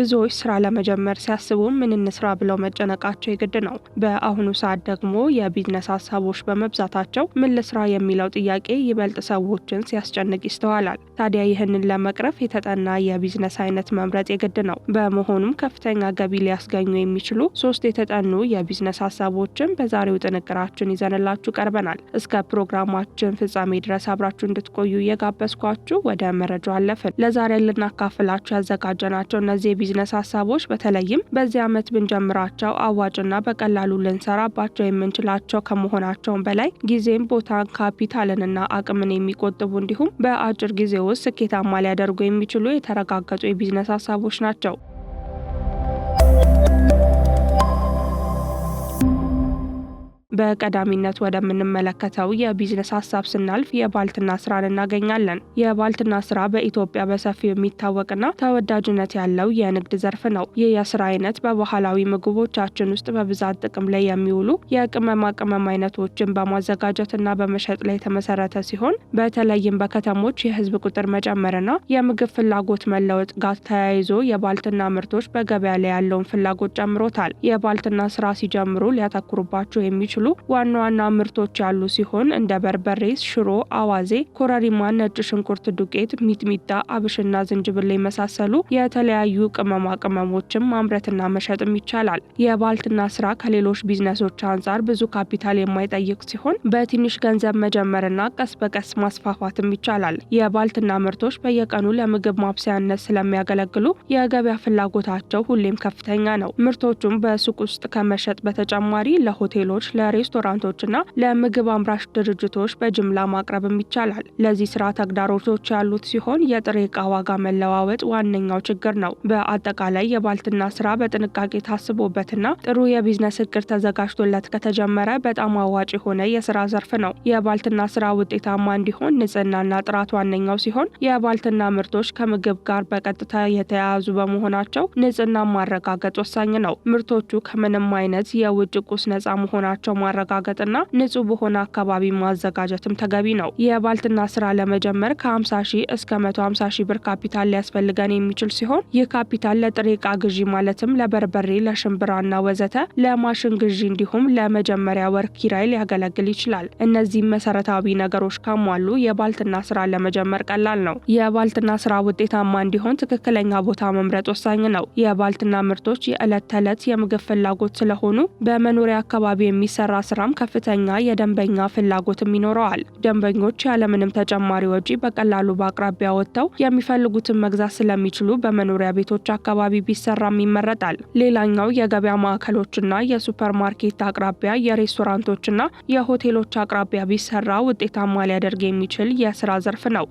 ብዙዎች ስራ ለመጀመር ሲያስቡ ምን እንስራ ብለው መጨነቃቸው የግድ ነው። በአሁኑ ሰዓት ደግሞ የቢዝነስ ሀሳቦች በመብዛታቸው ምን ልስራ የሚለው ጥያቄ ይበልጥ ሰዎችን ሲያስጨንቅ ይስተዋላል። ታዲያ ይህንን ለመቅረፍ የተጠና የቢዝነስ አይነት መምረጥ የግድ ነው። በመሆኑም ከፍተኛ ገቢ ሊያስገኙ የሚችሉ ሶስት የተጠኑ የቢዝነስ ሀሳቦችን በዛሬው ጥንቅራችን ይዘንላችሁ ቀርበናል። እስከ ፕሮግራማችን ፍጻሜ ድረስ አብራችሁ እንድትቆዩ እየጋበዝኳችሁ ወደ መረጃ አለፍን። ለዛሬ ልናካፍላችሁ ያዘጋጀናቸው እነዚህ የቢዝነስ ሀሳቦች በተለይም በዚህ ዓመት ብንጀምራቸው አዋጭና በቀላሉ ልንሰራባቸው የምንችላቸው ከመሆናቸውን በላይ ጊዜም፣ ቦታን፣ ካፒታልንና አቅምን የሚቆጥቡ እንዲሁም በአጭር ጊዜ ውስጥ ስኬታማ ሊያደርጉ የሚችሉ የተረጋገጡ የቢዝነስ ሀሳቦች ናቸው። በቀዳሚነት ወደምንመለከተው የቢዝነስ ሀሳብ ስናልፍ የባልትና ስራን እናገኛለን። የባልትና ስራ በኢትዮጵያ በሰፊው የሚታወቅና ተወዳጅነት ያለው የንግድ ዘርፍ ነው። ይህ የስራ አይነት በባህላዊ ምግቦቻችን ውስጥ በብዛት ጥቅም ላይ የሚውሉ የቅመማ ቅመም አይነቶችን በማዘጋጀትና በመሸጥ ላይ የተመሰረተ ሲሆን በተለይም በከተሞች የህዝብ ቁጥር መጨመርና የምግብ ፍላጎት መለወጥ ጋር ተያይዞ የባልትና ምርቶች በገበያ ላይ ያለውን ፍላጎት ጨምሮታል። የባልትና ስራ ሲጀምሩ ሊያተኩሩባቸው የሚችሉ ዋና ዋና ምርቶች ያሉ ሲሆን እንደ በርበሬ፣ ሽሮ፣ አዋዜ፣ ኮረሪማ፣ ነጭ ሽንኩርት ዱቄት፣ ሚጥሚጣ፣ አብሽና ዝንጅብል የመሳሰሉ የተለያዩ ቅመማ ቅመሞችን ማምረትና መሸጥም ይቻላል። የባልትና ስራ ከሌሎች ቢዝነሶች አንጻር ብዙ ካፒታል የማይጠይቅ ሲሆን በትንሽ ገንዘብ መጀመርና ቀስ በቀስ ማስፋፋትም ይቻላል። የባልትና ምርቶች በየቀኑ ለምግብ ማብሰያነት ስለሚያገለግሉ የገበያ ፍላጎታቸው ሁሌም ከፍተኛ ነው። ምርቶቹም በሱቅ ውስጥ ከመሸጥ በተጨማሪ ለሆቴሎች፣ ለ ለሬስቶራንቶችና ለምግብ አምራች ድርጅቶች በጅምላ ማቅረብም ይቻላል። ለዚህ ስራ ተግዳሮቶች ያሉት ሲሆን የጥሬ እቃ ዋጋ መለዋወጥ ዋነኛው ችግር ነው። በአጠቃላይ የባልትና ስራ በጥንቃቄ ታስቦበትና ጥሩ የቢዝነስ እቅድ ተዘጋጅቶለት ከተጀመረ በጣም አዋጭ የሆነ የስራ ዘርፍ ነው። የባልትና ስራ ውጤታማ እንዲሆን ንጽህናና ጥራት ዋነኛው ሲሆን የባልትና ምርቶች ከምግብ ጋር በቀጥታ የተያያዙ በመሆናቸው ንጽህና ማረጋገጥ ወሳኝ ነው። ምርቶቹ ከምንም አይነት የውጭ ቁስ ነፃ መሆናቸው ማረጋገጥና ንጹህ በሆነ አካባቢ ማዘጋጀትም ተገቢ ነው። የባልትና ስራ ለመጀመር ከ50 ሺህ እስከ 150 ሺህ ብር ካፒታል ሊያስፈልገን የሚችል ሲሆን ይህ ካፒታል ለጥሬ እቃ ግዢ ማለትም ለበርበሬ፣ ለሽምብራና ወዘተ ለማሽን ግዢ እንዲሁም ለመጀመሪያ ወር ኪራይ ሊያገለግል ይችላል። እነዚህም መሰረታዊ ነገሮች ካሟሉ የባልትና ስራ ለመጀመር ቀላል ነው። የባልትና ስራ ውጤታማ እንዲሆን ትክክለኛ ቦታ መምረጥ ወሳኝ ነው። የባልትና ምርቶች የዕለት ተዕለት የምግብ ፍላጎት ስለሆኑ በመኖሪያ አካባቢ የሚሰራ የሚሰራ ስራም ከፍተኛ የደንበኛ ፍላጎትም ይኖረዋል። ደንበኞች ያለምንም ተጨማሪ ወጪ በቀላሉ በአቅራቢያ ወጥተው የሚፈልጉትን መግዛት ስለሚችሉ በመኖሪያ ቤቶች አካባቢ ቢሰራም ይመረጣል። ሌላኛው የገበያ ማዕከሎችና የሱፐር ማርኬት አቅራቢያ የሬስቶራንቶችና የሆቴሎች አቅራቢያ ቢሰራ ውጤታማ ሊያደርግ የሚችል የስራ ዘርፍ ነው።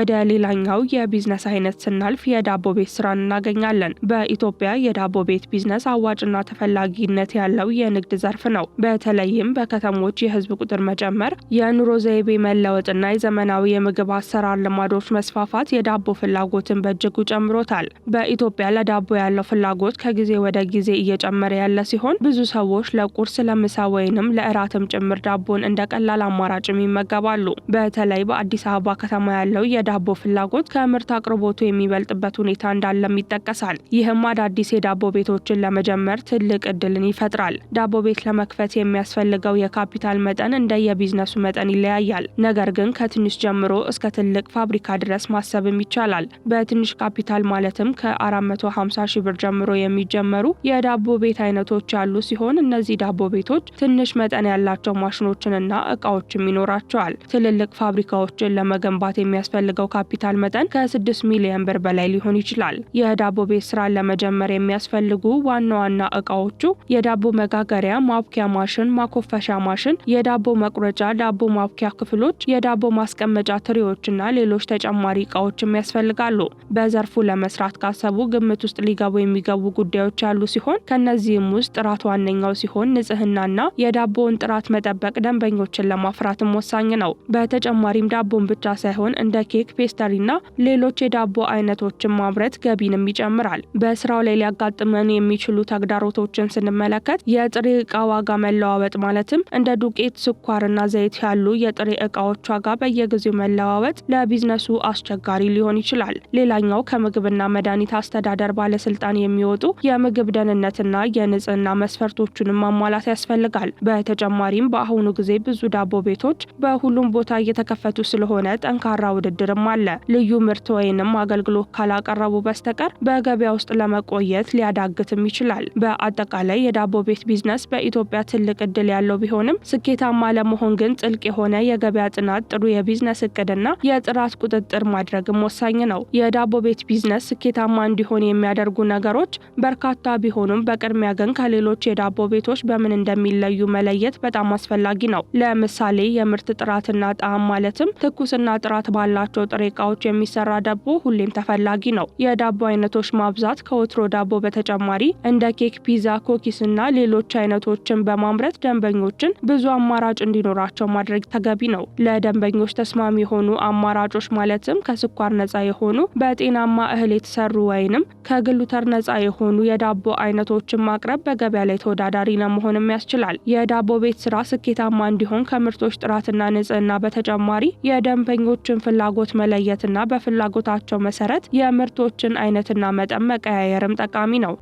ወደ ሌላኛው የቢዝነስ አይነት ስናልፍ የዳቦ ቤት ስራን እናገኛለን። በኢትዮጵያ የዳቦ ቤት ቢዝነስ አዋጭና ተፈላጊነት ያለው የንግድ ዘርፍ ነው። በተለይም በከተሞች የህዝብ ቁጥር መጨመር፣ የኑሮ ዘይቤ መለወጥና የዘመናዊ የምግብ አሰራር ልማዶች መስፋፋት የዳቦ ፍላጎትን በእጅጉ ጨምሮታል። በኢትዮጵያ ለዳቦ ያለው ፍላጎት ከጊዜ ወደ ጊዜ እየጨመረ ያለ ሲሆን ብዙ ሰዎች ለቁርስ ለምሳ ወይንም ለእራትም ጭምር ዳቦን እንደ ቀላል አማራጭም ይመገባሉ። በተለይ በአዲስ አበባ ከተማ ያለው የዳቦ ፍላጎት ከምርት አቅርቦቱ የሚበልጥበት ሁኔታ እንዳለም ይጠቀሳል። ይህም አዳዲስ የዳቦ ቤቶችን ለመጀመር ትልቅ እድልን ይፈጥራል። ዳቦ ቤት ለመክፈት የሚያስፈልገው የካፒታል መጠን እንደ የቢዝነሱ መጠን ይለያያል። ነገር ግን ከትንሽ ጀምሮ እስከ ትልቅ ፋብሪካ ድረስ ማሰብም ይቻላል። በትንሽ ካፒታል ማለትም ከ450 ሺህ ብር ጀምሮ የሚጀመሩ የዳቦ ቤት አይነቶች ያሉ ሲሆን እነዚህ ዳቦ ቤቶች ትንሽ መጠን ያላቸው ማሽኖችንና እቃዎችም ይኖራቸዋል። ትልልቅ ፋብሪካዎችን ለመገንባት የሚያስፈልገው የሚያስፈልገው ካፒታል መጠን ከ6 ሚሊዮን ብር በላይ ሊሆን ይችላል። የዳቦ ቤት ስራን ለመጀመር የሚያስፈልጉ ዋና ዋና እቃዎቹ የዳቦ መጋገሪያ፣ ማብኪያ ማሽን፣ ማኮፈሻ ማሽን፣ የዳቦ መቁረጫ፣ ዳቦ ማብኪያ ክፍሎች፣ የዳቦ ማስቀመጫ ትሪዎችና ሌሎች ተጨማሪ እቃዎችም ያስፈልጋሉ። በዘርፉ ለመስራት ካሰቡ ግምት ውስጥ ሊገቡ የሚገቡ ጉዳዮች ያሉ ሲሆን ከእነዚህም ውስጥ ጥራት ዋነኛው ሲሆን ንጽህናና የዳቦውን ጥራት መጠበቅ ደንበኞችን ለማፍራትም ወሳኝ ነው። በተጨማሪም ዳቦን ብቻ ሳይሆን እንደ ኬ ኬክ፣ ፔስተሪና ሌሎች የዳቦ አይነቶችን ማምረት ገቢንም ይጨምራል። በስራው ላይ ሊያጋጥመን የሚችሉ ተግዳሮቶችን ስንመለከት የጥሬ እቃ ዋጋ መለዋወጥ ማለትም እንደ ዱቄት፣ ስኳርና ዘይት ያሉ የጥሬ እቃዎች ዋጋ በየጊዜው መለዋወጥ ለቢዝነሱ አስቸጋሪ ሊሆን ይችላል። ሌላኛው ከምግብና መድኃኒት አስተዳደር ባለስልጣን የሚወጡ የምግብ ደህንነትና የንጽህና መስፈርቶቹንም ማሟላት ያስፈልጋል። በተጨማሪም በአሁኑ ጊዜ ብዙ ዳቦ ቤቶች በሁሉም ቦታ እየተከፈቱ ስለሆነ ጠንካራ ውድድር ችግርም አለ። ልዩ ምርት ወይንም አገልግሎት ካላቀረቡ በስተቀር በገበያ ውስጥ ለመቆየት ሊያዳግትም ይችላል። በአጠቃላይ የዳቦ ቤት ቢዝነስ በኢትዮጵያ ትልቅ እድል ያለው ቢሆንም ስኬታማ ለመሆን ግን ጥልቅ የሆነ የገበያ ጥናት፣ ጥሩ የቢዝነስ እቅድና የጥራት ቁጥጥር ማድረግም ወሳኝ ነው። የዳቦ ቤት ቢዝነስ ስኬታማ እንዲሆን የሚያደርጉ ነገሮች በርካታ ቢሆኑም በቅድሚያ ግን ከሌሎች የዳቦ ቤቶች በምን እንደሚለዩ መለየት በጣም አስፈላጊ ነው። ለምሳሌ የምርት ጥራትና ጣዕም ማለትም ትኩስና ጥራት ባላቸው ከበቆሎ ጥሬ እቃዎች የሚሰራ ዳቦ ሁሌም ተፈላጊ ነው። የዳቦ አይነቶች ማብዛት ከወትሮ ዳቦ በተጨማሪ እንደ ኬክ፣ ፒዛ፣ ኮኪስ እና ሌሎች አይነቶችን በማምረት ደንበኞችን ብዙ አማራጭ እንዲኖራቸው ማድረግ ተገቢ ነው። ለደንበኞች ተስማሚ የሆኑ አማራጮች ማለትም ከስኳር ነጻ የሆኑ በጤናማ እህል የተሰሩ ወይንም ከግሉተር ነጻ የሆኑ የዳቦ አይነቶችን ማቅረብ በገበያ ላይ ተወዳዳሪ ለመሆንም ያስችላል። የዳቦ ቤት ስራ ስኬታማ እንዲሆን ከምርቶች ጥራትና ንጽህና በተጨማሪ የደንበኞችን ፍላጎት ፍላጎት መለየትና በፍላጎታቸው መሰረት የምርቶችን አይነትና መጠን መቀያየርም ጠቃሚ ነው።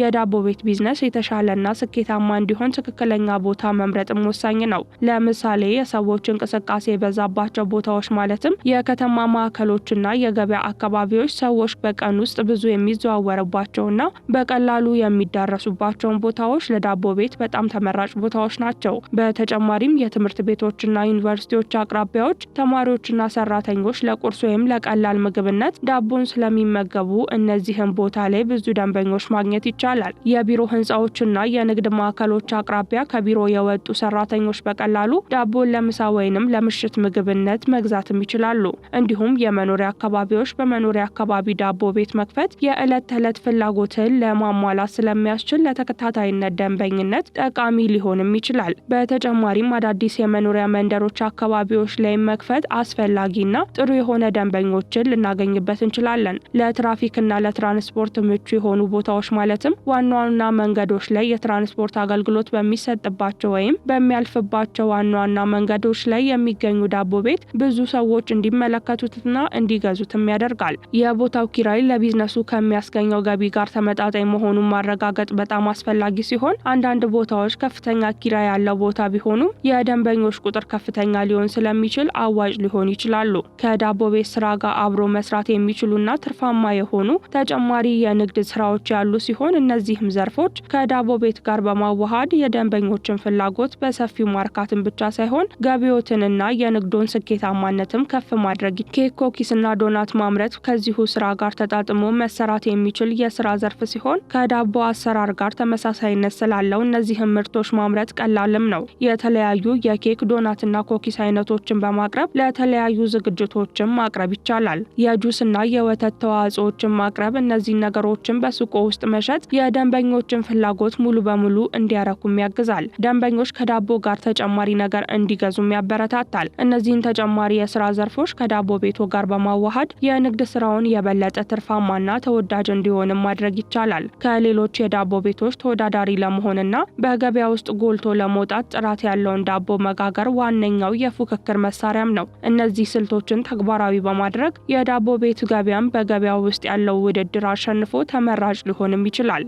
የዳቦ ቤት ቢዝነስ የተሻለና ስኬታማ እንዲሆን ትክክለኛ ቦታ መምረጥም ወሳኝ ነው። ለምሳሌ የሰዎች እንቅስቃሴ የበዛባቸው ቦታዎች ማለትም የከተማ ማዕከሎችና የገበያ አካባቢዎች ሰዎች በቀን ውስጥ ብዙ የሚዘዋወርባቸውና በቀላሉ የሚዳረሱባቸውን ቦታዎች ለዳቦ ቤት በጣም ተመራጭ ቦታዎች ናቸው። በተጨማሪም የትምህርት ቤቶችና ዩኒቨርሲቲዎች አቅራቢያዎች ተማሪዎችና ሰራተኞች ለቁርስ ወይም ለቀላል ምግብነት ዳቦን ስለሚመገቡ እነዚህም ቦታ ላይ ብዙ ደንበኞች ማግኘት ይቻላል። ይቻላል። የቢሮ ህንፃዎችና የንግድ ማዕከሎች አቅራቢያ ከቢሮ የወጡ ሰራተኞች በቀላሉ ዳቦን ለምሳ ወይንም ለምሽት ምግብነት መግዛትም ይችላሉ። እንዲሁም የመኖሪያ አካባቢዎች በመኖሪያ አካባቢ ዳቦ ቤት መክፈት የዕለት ተዕለት ፍላጎትን ለማሟላት ስለሚያስችል ለተከታታይነት ደንበኝነት ጠቃሚ ሊሆንም ይችላል። በተጨማሪም አዳዲስ የመኖሪያ መንደሮች አካባቢዎች ላይ መክፈት አስፈላጊና ጥሩ የሆነ ደንበኞችን ልናገኝበት እንችላለን። ለትራፊክና ለትራንስፖርት ምቹ የሆኑ ቦታዎች ማለትም በመሆን ዋና ዋና መንገዶች ላይ የትራንስፖርት አገልግሎት በሚሰጥባቸው ወይም በሚያልፍባቸው ዋና ዋና መንገዶች ላይ የሚገኙ ዳቦ ቤት ብዙ ሰዎች እንዲመለከቱትና እንዲገዙትም ያደርጋል። የቦታው ኪራይ ለቢዝነሱ ከሚያስገኘው ገቢ ጋር ተመጣጣኝ መሆኑን ማረጋገጥ በጣም አስፈላጊ ሲሆን አንዳንድ ቦታዎች ከፍተኛ ኪራይ ያለው ቦታ ቢሆኑም የደንበኞች ቁጥር ከፍተኛ ሊሆን ስለሚችል አዋጭ ሊሆን ይችላሉ። ከዳቦ ቤት ስራ ጋር አብሮ መስራት የሚችሉና ትርፋማ የሆኑ ተጨማሪ የንግድ ስራዎች ያሉ ሲሆን እነዚህም ዘርፎች ከዳቦ ቤት ጋር በማዋሃድ የደንበኞችን ፍላጎት በሰፊው ማርካትን ብቻ ሳይሆን ገቢዎትንና የንግዶን ስኬታማነትም ከፍ ማድረግ ኬክ፣ ኩኪስና ዶናት ማምረት ከዚሁ ስራ ጋር ተጣጥሞ መሰራት የሚችል የስራ ዘርፍ ሲሆን ከዳቦ አሰራር ጋር ተመሳሳይነት ስላለው እነዚህም ምርቶች ማምረት ቀላልም ነው። የተለያዩ የኬክ ዶናትና ኮኪስ አይነቶችን በማቅረብ ለተለያዩ ዝግጅቶችም ማቅረብ ይቻላል። የጁስና የወተት ተዋጽኦችን ማቅረብ እነዚህ ነገሮችን በሱቆ ውስጥ መሸጥ የደንበኞችን ፍላጎት ሙሉ በሙሉ እንዲያረኩም ያግዛል። ደንበኞች ከዳቦ ጋር ተጨማሪ ነገር እንዲገዙም ያበረታታል። እነዚህን ተጨማሪ የስራ ዘርፎች ከዳቦ ቤቶ ጋር በማዋሃድ የንግድ ስራውን የበለጠ ትርፋማና ተወዳጅ እንዲሆንም ማድረግ ይቻላል። ከሌሎች የዳቦ ቤቶች ተወዳዳሪ ለመሆንና በገበያ ውስጥ ጎልቶ ለመውጣት ጥራት ያለውን ዳቦ መጋገር ዋነኛው የፉክክር መሳሪያም ነው። እነዚህ ስልቶችን ተግባራዊ በማድረግ የዳቦ ቤት ገበያም በገበያ ውስጥ ያለው ውድድር አሸንፎ ተመራጭ ሊሆንም ይችላል።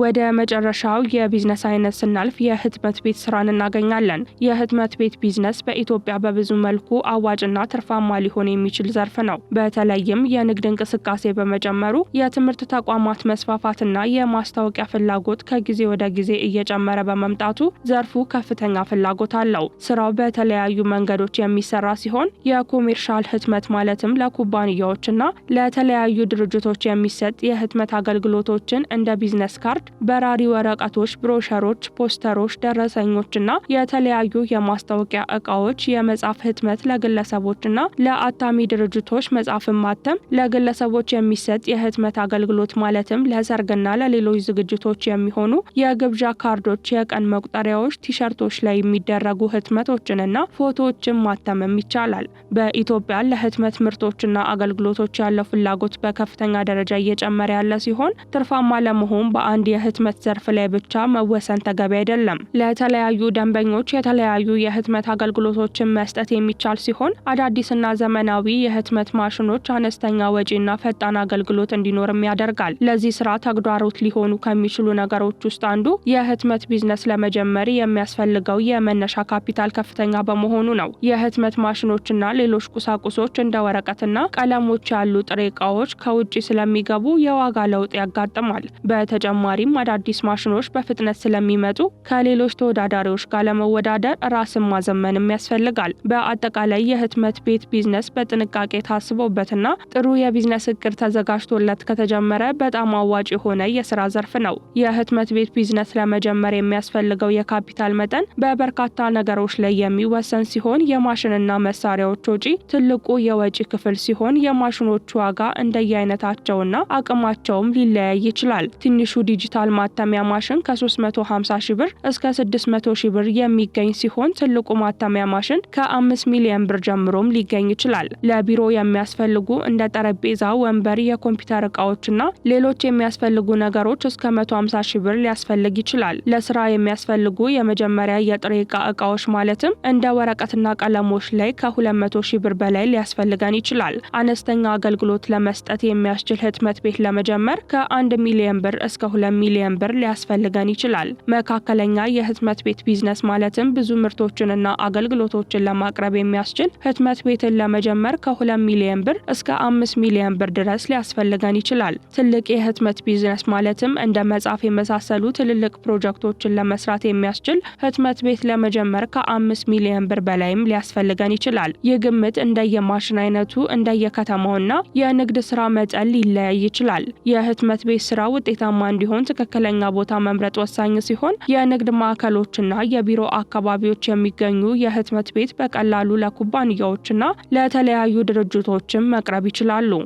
ወደ መጨረሻው የቢዝነስ አይነት ስናልፍ የህትመት ቤት ስራን እናገኛለን። የህትመት ቤት ቢዝነስ በኢትዮጵያ በብዙ መልኩ አዋጭና ትርፋማ ሊሆን የሚችል ዘርፍ ነው። በተለይም የንግድ እንቅስቃሴ በመጨመሩ የትምህርት ተቋማት መስፋፋትና የማስታወቂያ ፍላጎት ከጊዜ ወደ ጊዜ እየጨመረ በመምጣቱ ዘርፉ ከፍተኛ ፍላጎት አለው። ስራው በተለያዩ መንገዶች የሚሰራ ሲሆን የኮሜርሻል ህትመት ማለትም ለኩባንያዎችና ለተለያዩ ድርጅቶች የሚሰጥ የህትመት አገልግሎቶችን እንደ ቢዝነስ ካርድ ሰነዶች፣ በራሪ ወረቀቶች፣ ብሮሸሮች፣ ፖስተሮች፣ ደረሰኞችና የተለያዩ የማስታወቂያ እቃዎች፣ የመጽሐፍ ህትመት ለግለሰቦችና ለአታሚ ድርጅቶች መጽሐፍን ማተም ለግለሰቦች የሚሰጥ የህትመት አገልግሎት ማለትም ለሰርግና ለሌሎች ዝግጅቶች የሚሆኑ የግብዣ ካርዶች፣ የቀን መቁጠሪያዎች፣ ቲሸርቶች ላይ የሚደረጉ ህትመቶችንና ፎቶዎችን ማተምም ይቻላል። በኢትዮጵያ ለህትመት ምርቶችና አገልግሎቶች ያለው ፍላጎት በከፍተኛ ደረጃ እየጨመረ ያለ ሲሆን ትርፋማ ለመሆን በአንድ የህትመት ዘርፍ ላይ ብቻ መወሰን ተገቢ አይደለም። ለተለያዩ ደንበኞች የተለያዩ የህትመት አገልግሎቶችን መስጠት የሚቻል ሲሆን አዳዲስና ዘመናዊ የህትመት ማሽኖች አነስተኛ ወጪና ፈጣን አገልግሎት እንዲኖርም ያደርጋል። ለዚህ ስራ ተግዳሮት ሊሆኑ ከሚችሉ ነገሮች ውስጥ አንዱ የህትመት ቢዝነስ ለመጀመር የሚያስፈልገው የመነሻ ካፒታል ከፍተኛ በመሆኑ ነው። የህትመት ማሽኖችና ሌሎች ቁሳቁሶች እንደ ወረቀትና ቀለሞች ያሉ ጥሬ እቃዎች ከውጭ ስለሚገቡ የዋጋ ለውጥ ያጋጥማል። በተጨማሪ በተጨማሪም አዳዲስ ማሽኖች በፍጥነት ስለሚመጡ ከሌሎች ተወዳዳሪዎች ጋር ለመወዳደር ራስን ማዘመንም ያስፈልጋል። በአጠቃላይ የህትመት ቤት ቢዝነስ በጥንቃቄ ታስቦበትና ጥሩ የቢዝነስ እቅድ ተዘጋጅቶለት ከተጀመረ በጣም አዋጭ የሆነ የስራ ዘርፍ ነው። የህትመት ቤት ቢዝነስ ለመጀመር የሚያስፈልገው የካፒታል መጠን በበርካታ ነገሮች ላይ የሚወሰን ሲሆን የማሽንና መሳሪያዎች ወጪ ትልቁ የወጪ ክፍል ሲሆን የማሽኖቹ ዋጋ እንደየአይነታቸውና አቅማቸውም ሊለያይ ይችላል። ትንሹ ዲጂታል ዲጂታል ማተሚያ ማሽን ከ350 ሺ ብር እስከ 600 ሺ ብር የሚገኝ ሲሆን ትልቁ ማተሚያ ማሽን ከ5 ሚሊዮን ብር ጀምሮም ሊገኝ ይችላል። ለቢሮ የሚያስፈልጉ እንደ ጠረጴዛ፣ ወንበር፣ የኮምፒውተር እቃዎችና ሌሎች የሚያስፈልጉ ነገሮች እስከ 150 ሺ ብር ሊያስፈልግ ይችላል። ለስራ የሚያስፈልጉ የመጀመሪያ የጥሬ እቃ እቃዎች ማለትም እንደ ወረቀትና ቀለሞች ላይ ከ200 ሺ ብር በላይ ሊያስፈልገን ይችላል። አነስተኛ አገልግሎት ለመስጠት የሚያስችል ህትመት ቤት ለመጀመር ከ1 ሚሊዮን ብር እስከ 2 ሚሊዮን ብር ሊያስፈልገን ይችላል። መካከለኛ የህትመት ቤት ቢዝነስ ማለትም ብዙ ምርቶችንና አገልግሎቶችን ለማቅረብ የሚያስችል ህትመት ቤትን ለመጀመር ከ2 ሚሊዮን ብር እስከ 5 ሚሊዮን ብር ድረስ ሊያስፈልገን ይችላል። ትልቅ የህትመት ቢዝነስ ማለትም እንደ መጻፍ የመሳሰሉ ትልልቅ ፕሮጀክቶችን ለመስራት የሚያስችል ህትመት ቤት ለመጀመር ከ5 ሚሊዮን ብር በላይም ሊያስፈልገን ይችላል። ይህ ግምት እንደየማሽን አይነቱ እንደየከተማውና የንግድ ስራ መጠን ሊለያይ ይችላል። የህትመት ቤት ስራ ውጤታማ እንዲሆን ትክክለኛ ቦታ መምረጥ ወሳኝ ሲሆን የንግድ ማዕከሎችና የቢሮ አካባቢዎች የሚገኙ የህትመት ቤት በቀላሉ ለኩባንያዎችና ለተለያዩ ድርጅቶችም መቅረብ ይችላሉ።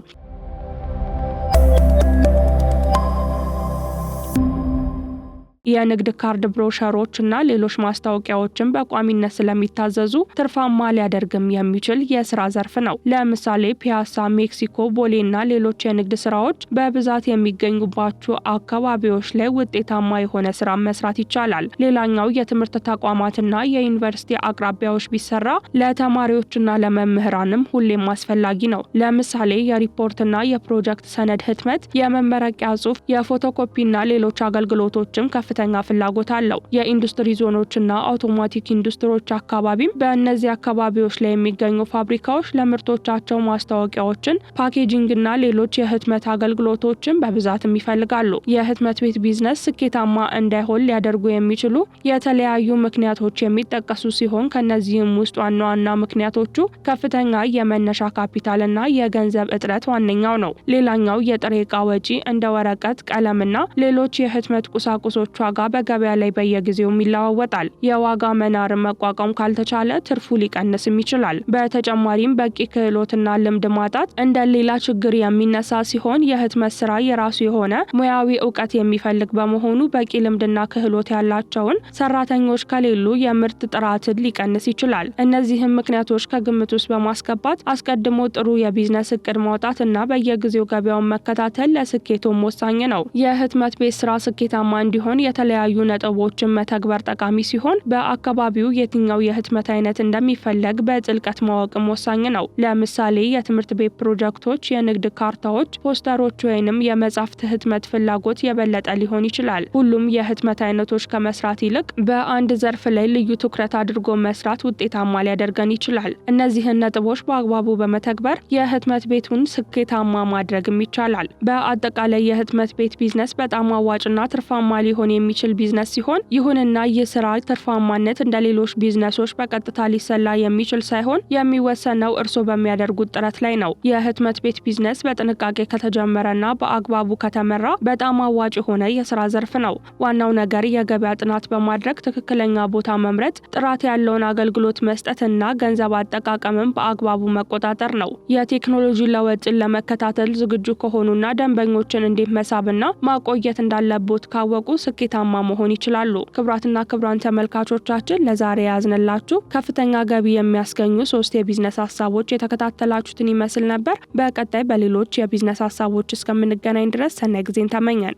የንግድ ካርድ ብሮሸሮች እና ሌሎች ማስታወቂያዎችን በቋሚነት ስለሚታዘዙ ትርፋማ ሊያደርግም የሚችል የስራ ዘርፍ ነው። ለምሳሌ ፒያሳ፣ ሜክሲኮ፣ ቦሌ እና ሌሎች የንግድ ስራዎች በብዛት የሚገኙባቸው አካባቢዎች ላይ ውጤታማ የሆነ ስራ መስራት ይቻላል። ሌላኛው የትምህርት ተቋማትና የዩኒቨርሲቲ አቅራቢያዎች ቢሰራ ለተማሪዎችና ለመምህራንም ሁሌም አስፈላጊ ነው። ለምሳሌ የሪፖርትና የፕሮጀክት ሰነድ ህትመት፣ የመመረቂያ ጽሁፍ፣ የፎቶኮፒና ሌሎች አገልግሎቶችም ከፍ ከፍተኛ ፍላጎት አለው። የኢንዱስትሪ ዞኖችና አውቶማቲክ ኢንዱስትሪዎች አካባቢም በእነዚህ አካባቢዎች ላይ የሚገኙ ፋብሪካዎች ለምርቶቻቸው ማስታወቂያዎችን፣ ፓኬጂንግና ሌሎች የህትመት አገልግሎቶችን በብዛትም ይፈልጋሉ። የህትመት ቤት ቢዝነስ ስኬታማ እንዳይሆን ሊያደርጉ የሚችሉ የተለያዩ ምክንያቶች የሚጠቀሱ ሲሆን ከነዚህም ውስጥ ዋና ዋና ምክንያቶቹ ከፍተኛ የመነሻ ካፒታልና የገንዘብ እጥረት ዋነኛው ነው። ሌላኛው የጥሬ እቃ ወጪ እንደ ወረቀት፣ ቀለምና ሌሎች የህትመት ቁሳቁሶች ዋጋ በገበያ ላይ በየጊዜውም ይለዋወጣል። የዋጋ መናርን መቋቋም ካልተቻለ ትርፉ ሊቀንስም ይችላል። በተጨማሪም በቂ ክህሎትና ልምድ ማጣት እንደ ሌላ ችግር የሚነሳ ሲሆን የህትመት ስራ የራሱ የሆነ ሙያዊ እውቀት የሚፈልግ በመሆኑ በቂ ልምድና ክህሎት ያላቸውን ሰራተኞች ከሌሉ የምርት ጥራትን ሊቀንስ ይችላል። እነዚህም ምክንያቶች ከግምት ውስጥ በማስገባት አስቀድሞ ጥሩ የቢዝነስ እቅድ ማውጣት እና በየጊዜው ገበያውን መከታተል ለስኬቱም ወሳኝ ነው። የህትመት ቤት ስራ ስኬታማ እንዲሆን የተለያዩ ነጥቦችን መተግበር ጠቃሚ ሲሆን በአካባቢው የትኛው የህትመት አይነት እንደሚፈለግ በጥልቀት ማወቅም ወሳኝ ነው። ለምሳሌ የትምህርት ቤት ፕሮጀክቶች፣ የንግድ ካርታዎች፣ ፖስተሮች ወይንም የመጻሕፍት ህትመት ፍላጎት የበለጠ ሊሆን ይችላል። ሁሉም የህትመት አይነቶች ከመስራት ይልቅ በአንድ ዘርፍ ላይ ልዩ ትኩረት አድርጎ መስራት ውጤታማ ሊያደርገን ይችላል። እነዚህን ነጥቦች በአግባቡ በመተግበር የህትመት ቤቱን ስኬታማ ማድረግም ይቻላል። በአጠቃላይ የህትመት ቤት ቢዝነስ በጣም አዋጭና ትርፋማ ሊሆን የሚ የሚችል ቢዝነስ ሲሆን ይሁንና ይህ ስራ ትርፋማነት እንደ ሌሎች ቢዝነሶች በቀጥታ ሊሰላ የሚችል ሳይሆን የሚወሰነው እርስዎ በሚያደርጉት ጥረት ላይ ነው። የህትመት ቤት ቢዝነስ በጥንቃቄ ከተጀመረና በአግባቡ ከተመራ በጣም አዋጭ የሆነ የስራ ዘርፍ ነው። ዋናው ነገር የገበያ ጥናት በማድረግ ትክክለኛ ቦታ መምረጥ፣ ጥራት ያለውን አገልግሎት መስጠትና ገንዘብ አጠቃቀምን በአግባቡ መቆጣጠር ነው። የቴክኖሎጂ ለውጥን ለመከታተል ዝግጁ ከሆኑና ደንበኞችን እንዴት መሳብና ማቆየት እንዳለቦት ካወቁ ስኬት ውጤታማ መሆን ይችላሉ። ክቡራትና ክቡራን ተመልካቾቻችን ለዛሬ ያዝንላችሁ ከፍተኛ ገቢ የሚያስገኙ ሶስት የቢዝነስ ሀሳቦች የተከታተላችሁትን ይመስል ነበር። በቀጣይ በሌሎች የቢዝነስ ሀሳቦች እስከምንገናኝ ድረስ ሰናይ ጊዜን ተመኘን።